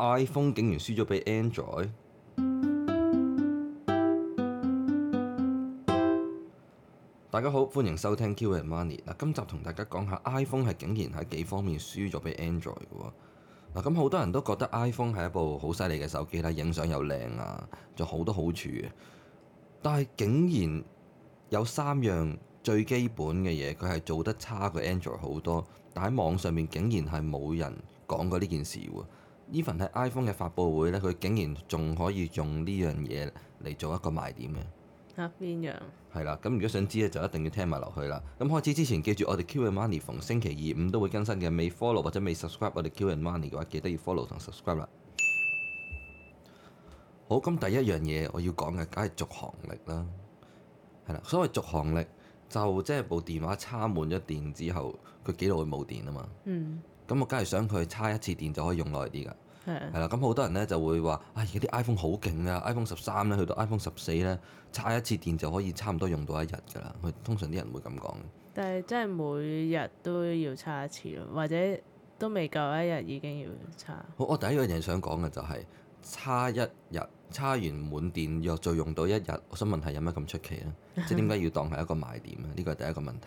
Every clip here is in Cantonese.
iPhone 竟然輸咗俾 Android， 大家好，歡迎收聽 Q And Money 嗱。今集同大家講下 iPhone 係竟然喺幾方面輸咗俾 Android 嘅喎嗱。咁好多人都覺得 iPhone 係一部好犀利嘅手機啦，影相又靚啊，仲好多好處嘅。但係竟然有三樣最基本嘅嘢，佢係做得差過 Android 好多，但喺網上面竟然係冇人講過呢件事喎。甚至喺 iPhone 嘅發佈會咧，佢竟然仲可以用呢樣嘢嚟做一個賣點嘅。嚇邊、啊、樣？係啦，咁如果想知呢，就一定要聽埋落去啦。咁開始之前，記住我哋 Q and Money 逢星期二五都會更新嘅。未 follow 或者未 subscribe 我哋 Q and Money 嘅話，記得要 follow 同 subscribe 啦。嗯、好，咁第一樣嘢我要講嘅，梗係續航力啦。係啦，所謂續航力就即係部電話插滿咗電之後，佢幾耐會冇電啊嘛。嗯。咁我梗係想佢差一次電就可以用耐啲㗎，係啦。咁好多人呢就會話：啊，而家啲 iPhone 好勁啊！iPhone 十三呢去到 iPhone 十四呢，差一次電就可以差唔多用到一日㗎啦。佢通常啲人會咁講。但係真係每日都要差一次咯，或者都未夠一日已經要差。好，我第一樣嘢想講嘅就係差一日差完滿電，若再用到一日，我想問係有咩咁出奇呢？ 即係點解要當係一個賣點呢？呢個係第一個問題。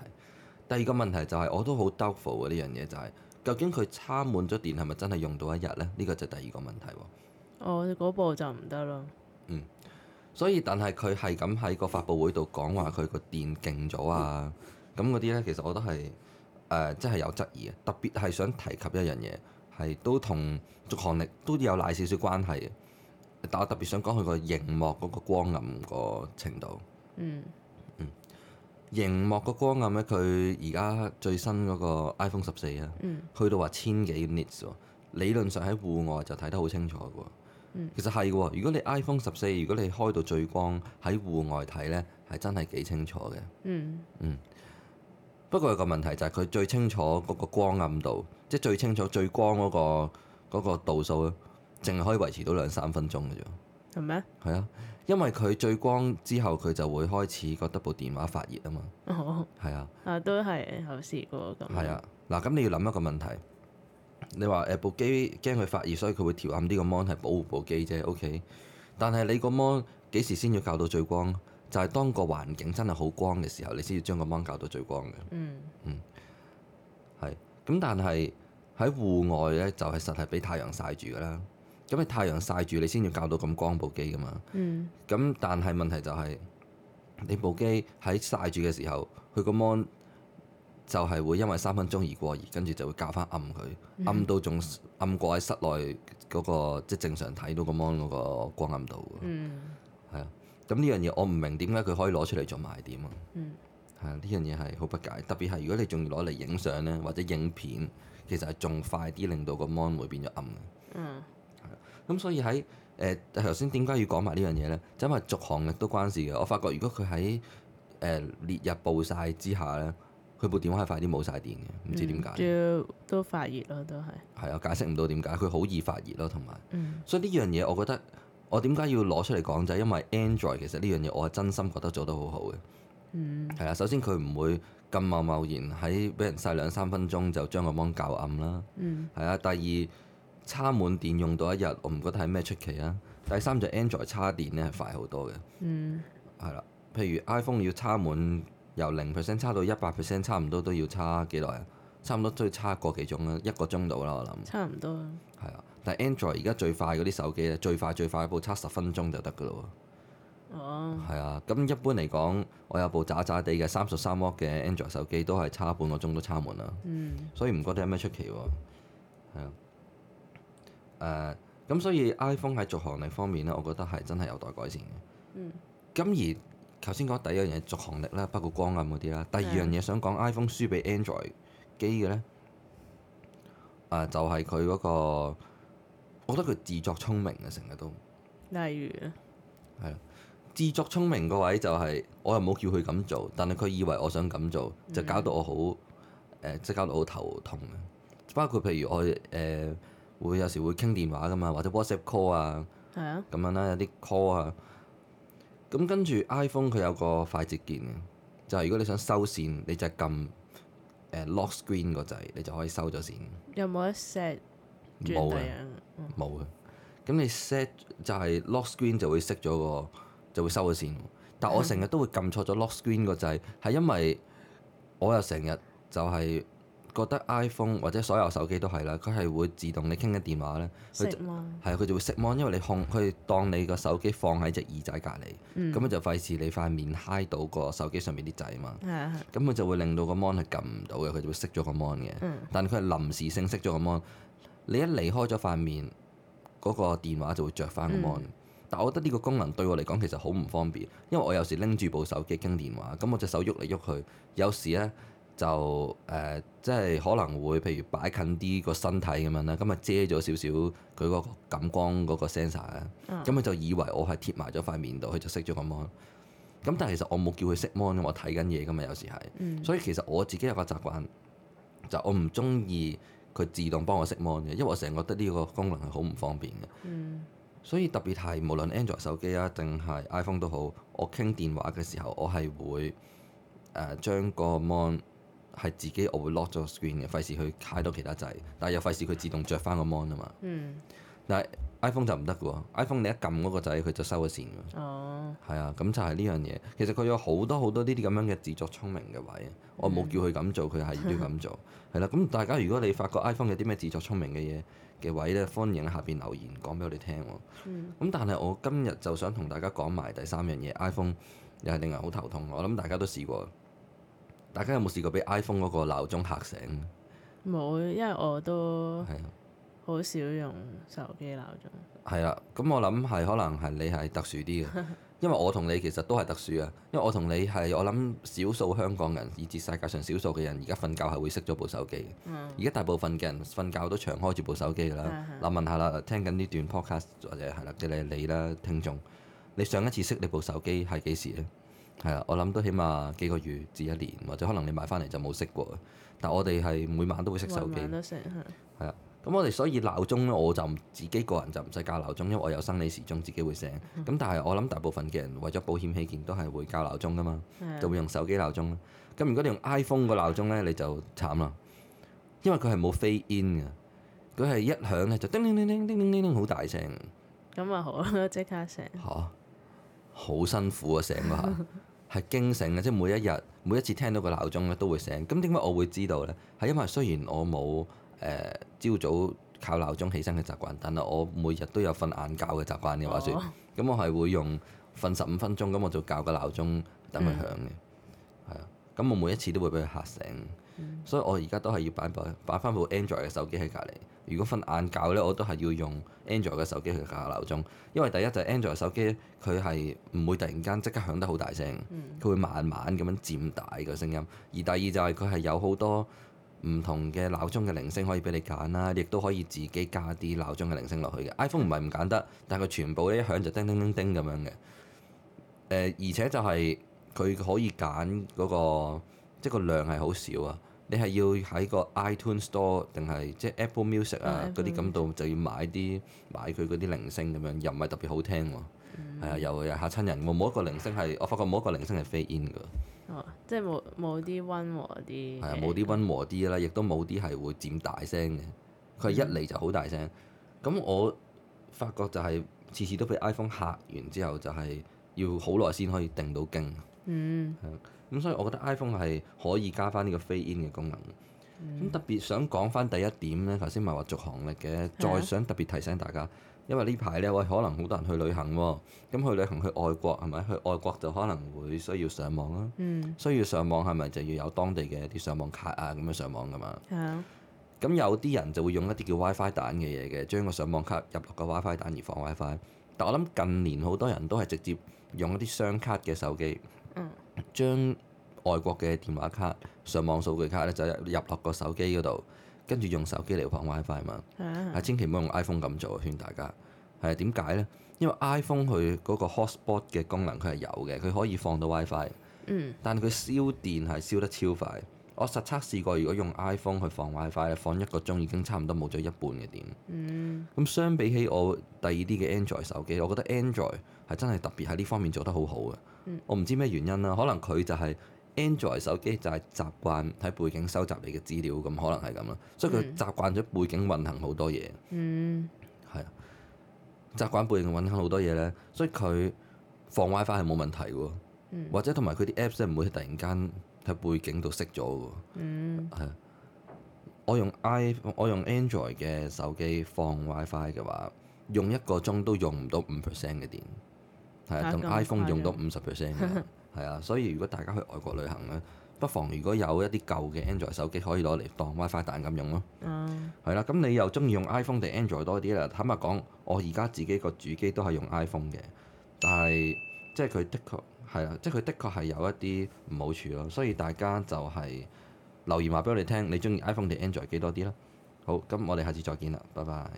第二個問題就係我都好 doubtful 嘅呢樣嘢就係。究竟佢插滿咗電係咪真係用到一日咧？呢、這個就第二個問題。我嗰、哦、部就唔得咯。嗯，所以但係佢係咁喺個發佈會度講話佢個電勁咗啊！咁嗰啲咧其實我都係誒，即、呃、係有質疑啊。特別係想提及一樣嘢，係都同續航力都有賴少少關係。但我特別想講佢個熒幕嗰、那個光暗個程度。嗯。熒幕個光暗咧，佢而家最新嗰個 iPhone 十四啊、嗯，去到話千幾 nits 喎。理論上喺戶外就睇得好清楚嘅。嗯、其實係嘅，如果你 iPhone 十四，如果你開到最光喺戶外睇咧，係真係幾清楚嘅。嗯嗯。不過有個問題就係、是、佢最清楚嗰個光暗度，即係最清楚最光嗰、嗰個嗰個度數咧，淨係可以維持到兩三分鐘嘅啫。係咩嗎？係啊。因為佢最光之後，佢就會開始覺得部電話發熱啊嘛，係、哦、啊，啊，都係有試過喎，咁係啊，嗱，咁你要諗一個問題，你話誒、欸、部機驚佢發熱，所以佢會調暗呢個 mon 係保護部機啫，OK？但係你個 mon 幾時先要校到最光？就係、是、當個環境真係好光嘅時候，你先要將個 mon 校到最光嘅。嗯嗯，係、嗯。咁但係喺戶外咧，就係、是、實係俾太陽曬住噶啦。咁你太陽曬住，你先要校到咁光部機噶嘛。咁、嗯、但係問題就係、是、你部機喺曬住嘅時候，佢個芒就係會因為三分鐘而過熱跟住就會校翻暗佢，暗到仲暗過喺室內嗰、那個即係、就是、正常睇到個芒嗰個光暗度。係啊、嗯，咁呢樣嘢我唔明點解佢可以攞出嚟做賣點啊。係啊、嗯，呢樣嘢係好不解。特別係如果你仲要攞嚟影相咧，或者影片，其實係仲快啲令到個芒會變咗暗。嗯。咁、嗯、所以喺誒頭先點解要講埋呢樣嘢咧？就是、因為逐航亦都關事嘅。我發覺如果佢喺誒烈日暴曬之下咧，佢部電話係快啲冇晒電嘅，唔知點解。嗯、要都發熱咯，都係。係啊，解釋唔到點解，佢好易發熱咯，同埋，嗯、所以呢樣嘢我覺得我點解要攞出嚟講就係、是、因為 Android 其實呢樣嘢我係真心覺得做得好好嘅。嗯。係啊，首先佢唔會咁貿貿然喺俾人曬兩三分鐘就將個芒較暗啦。嗯。係啊，第二。插滿電用到一日，我唔覺得係咩出奇啊！第三就 Android 插電咧係快好多嘅，係啦、嗯。譬如 iPhone 要插滿，由零 percent 插到一百 percent，差唔多都要差幾耐啊？差唔多都要差個幾鐘啦，一個鐘度啦，我諗。差唔多。係啊，但係 Android 而家最快嗰啲手機咧，最快最快一部差十分鐘就得噶咯喎。哦。係啊，咁一般嚟講，我有部渣渣地嘅三十三 w 嘅 Android 手機，都係差半個鐘都差滿啦。嗯。所以唔覺得有咩出奇喎？係啊。誒咁、uh, 所以 iPhone 喺續航力方面咧，我覺得係真係有待改善嘅。咁、嗯、而頭先講第一樣嘢續航力咧，包括光暗嗰啲啦。第二樣嘢想講 iPhone 輸俾 Android 機嘅咧，誒、嗯啊、就係佢嗰個，我覺得佢自作聰明呀成日都。例如。係咯，自作聰明個位就係、是、我又冇叫佢咁做，但係佢以為我想咁做，就搞到我好誒，即係、嗯呃、搞到我好頭痛。包括譬如我誒。呃會有時會傾電話噶嘛，或者 WhatsApp call 啊，咁、啊、樣啦、啊，有啲 call 啊。咁跟住 iPhone 佢有個快捷鍵嘅，就係、是、如果你想收線，你就撳誒、uh, lock screen 個掣，你就可以收咗線。有冇得 set？冇嘅，冇嘅。咁你 set 就係、是、lock screen 就會熄咗、那個，就會收咗線。但我成日都會撳錯咗 lock screen 個掣，係、啊、因為我又成日就係、是。覺得 iPhone 或者所有手機都係啦，佢係會自動你傾緊電話咧，佢係佢就會熄 mon，因為你控佢當你個手機放喺隻耳仔隔離，咁佢、嗯、就費事你塊面嗨到個手機上面啲仔嘛，咁佢、嗯、就會令到個 mon 係撳唔到嘅，佢就會熄咗個 mon 嘅，嗯、但佢係臨時性熄咗個 mon，你一離開咗塊面，嗰、那個電話就會着翻個 mon。嗯、但我覺得呢個功能對我嚟講其實好唔方便，因為我有時拎住部手機傾電話，咁我隻手喐嚟喐去，有時咧。就誒、呃，即係可能會譬如擺近啲個身體咁樣啦，咁、嗯、咪遮咗少少佢個感光嗰個 sensor 咧，咁咪、哦、就以為我係貼埋咗塊面度，佢就熄咗個 mon。咁但係其實我冇叫佢熄 mon 我睇緊嘢噶嘛，有時係。嗯、所以其實我自己有個習慣，就、我唔中意佢自動幫我熄 mon 嘅，因為我成日覺得呢個功能係好唔方便嘅。嗯、所以特別係無論 Android 手機啊定係 iPhone 都好，我傾電話嘅時候，我係會誒、呃、將個 mon。係自己，我會 lock 咗 screen 嘅，費事去開到其他掣。但係又費事佢自動着翻個 mon 啊嘛。嗯、但係 iPhone 就唔得嘅喎，iPhone 你一撳嗰個掣，佢就收咗線㗎。哦。係啊，咁就係呢樣嘢。其實佢有好多好多呢啲咁樣嘅自作聰明嘅位，嗯、我冇叫佢咁做，佢係都咁做。係啦、 啊，咁大家如果你發覺 iPhone 有啲咩自作聰明嘅嘢嘅位咧，歡迎喺下邊留言講俾我哋聽、啊。嗯。咁、嗯、但係我今日就想同大家講埋第三樣嘢，iPhone 又係令人好頭痛。我諗大家都試過。大家有冇試過俾 iPhone 嗰個鬧鐘嚇醒？冇，因為我都好少用手機鬧鐘。係啦，咁我諗係可能係你係特殊啲嘅， 因為我同你其實都係特殊啊。因為我同你係我諗少數香港人以至世界上少數嘅人而家瞓覺係會熄咗部手機。而家、嗯、大部分嘅人瞓覺都長開住部手機㗎啦。嗱， 問下啦，聽緊呢段 podcast 或者係啦，即係你啦，聽眾，你上一次熄你部手機係幾時呢？係啊，我諗都起碼幾個月至一年，或者可能你買翻嚟就冇熄過。但我哋係每晚都會熄手機，係啊。咁的我哋所以鬧鐘咧，我就自己個人就唔使較鬧鐘，因為我有生理時鐘，自己會醒。咁、嗯、但係我諗大部分嘅人為咗保險起見都係會較鬧鐘㗎嘛，的就會用手機鬧鐘。咁如果你用 iPhone 個鬧鐘咧，的你就慘啦，因為佢係冇 fade in 㗎，佢係一響咧就叮叮叮叮叮叮叮好大聲。咁啊、嗯、好啦，即刻醒 好辛苦啊！醒嗰下係驚醒嘅，即係每一日每一次聽到個鬧鐘咧都會醒。咁點解我會知道咧？係因為雖然我冇誒、呃、朝早靠鬧鐘起身嘅習慣，但係我每日都有瞓晏覺嘅習慣嘅、哦、話説，咁我係會用瞓十五分鐘，咁我就校個鬧鐘等佢響嘅。係啊、嗯，咁我每一次都會俾佢嚇醒，所以我而家都係要擺部擺翻部 Android 嘅手機喺隔離。如果瞓晏覺咧，我都係要用 Android 嘅手機去校下鬧鐘，因為第一就係、是、Android 手機，佢係唔會突然間即刻響得好大聲，佢會慢慢咁樣漸大個聲音。而第二就係佢係有好多唔同嘅鬧鐘嘅鈴聲可以俾你揀啦，亦都可以自己加啲鬧鐘嘅鈴聲落去嘅。嗯、iPhone 唔係唔揀得，但佢全部咧一響就叮叮叮叮咁樣嘅。誒、呃，而且就係佢可以揀嗰、那個，即係個量係好少啊。你係要喺個 iTunes Store 定係即係 Apple Music 啊嗰啲咁度就要買啲買佢嗰啲鈴聲咁樣，又唔係特別好聽喎，係啊，又又、嗯、嚇親人喎，冇一個鈴聲係我發覺冇一個鈴聲係 fade in 㗎、哦，即係冇冇啲溫和啲，係啊，冇啲溫和啲啦，亦都冇啲係會漸大聲嘅，佢係一嚟就好大聲，咁、嗯、我發覺就係、是、次次都俾 iPhone 嚇完之後，就係、是、要好耐先可以定到驚。嗯，係咁，所以我覺得 iPhone 係可以加翻呢個飛 In 嘅功能。咁、嗯、特別想講翻第一點呢，頭先咪話續航力嘅，的再想特別提醒大家，因為呢排呢，我哋可能好多人去旅行喎。咁去旅行去外國係咪？去外國就可能會需要上網囉。嗯、需要上網係咪就要有當地嘅啲上網卡啊？咁樣上網㗎嘛。咁的有啲人就會用一啲叫 WiFi 蛋嘅嘢嘅，將個上網卡入落個 WiFi 蛋而放 WiFi。Fi，但我諗近年好多人都係直接用一啲雙卡嘅手機。嗯，將外國嘅電話卡、上網數據卡咧就入落個手機嗰度，跟住用手機嚟放 WiFi 嘛。係、啊、千祈唔好用 iPhone 咁做，勸大家。係啊，點解咧？因為 iPhone 佢嗰個 hotspot 嘅功能佢係有嘅，佢可以放到 WiFi。嗯，但佢燒電係燒得超快。我實測試過，如果用 iPhone 去放 WiFi，放一個鐘已經差唔多冇咗一半嘅電。咁、嗯、相比起我第二啲嘅 Android 手機，我覺得 Android 係真係特別喺呢方面做得好好嘅。嗯、我唔知咩原因啦，可能佢就係 Android 手機就係習慣喺背景收集你嘅資料，咁可能係咁啦。所以佢習慣咗背景運行好多嘢。係啊、嗯，習慣背景運行好多嘢咧，所以佢放 WiFi 係冇問題嘅。嗯、或者同埋佢啲 Apps 咧唔會突然間喺背景度熄咗喎，係、嗯、我用 i 我用 Android 嘅手機放 WiFi 嘅話，用一個鐘都用唔到五 percent 嘅電，係啊，同 iPhone 用到五十 percent 嘅，係啊， 所以如果大家去外國旅行咧，不妨如果有一啲舊嘅 Android 手機可以攞嚟當 WiFi 蛋咁用咯，係啦、嗯，咁你又中意用 iPhone 定 Android 多啲啦？坦白講，我而家自己個主機都係用 iPhone 嘅，但係即係佢的確。係啦，即係佢的確係有一啲唔好處咯，所以大家就係留言話俾我哋聽，你中意 iPhone 定 Android 機多啲啦。好，咁我哋下次再見啦，拜拜。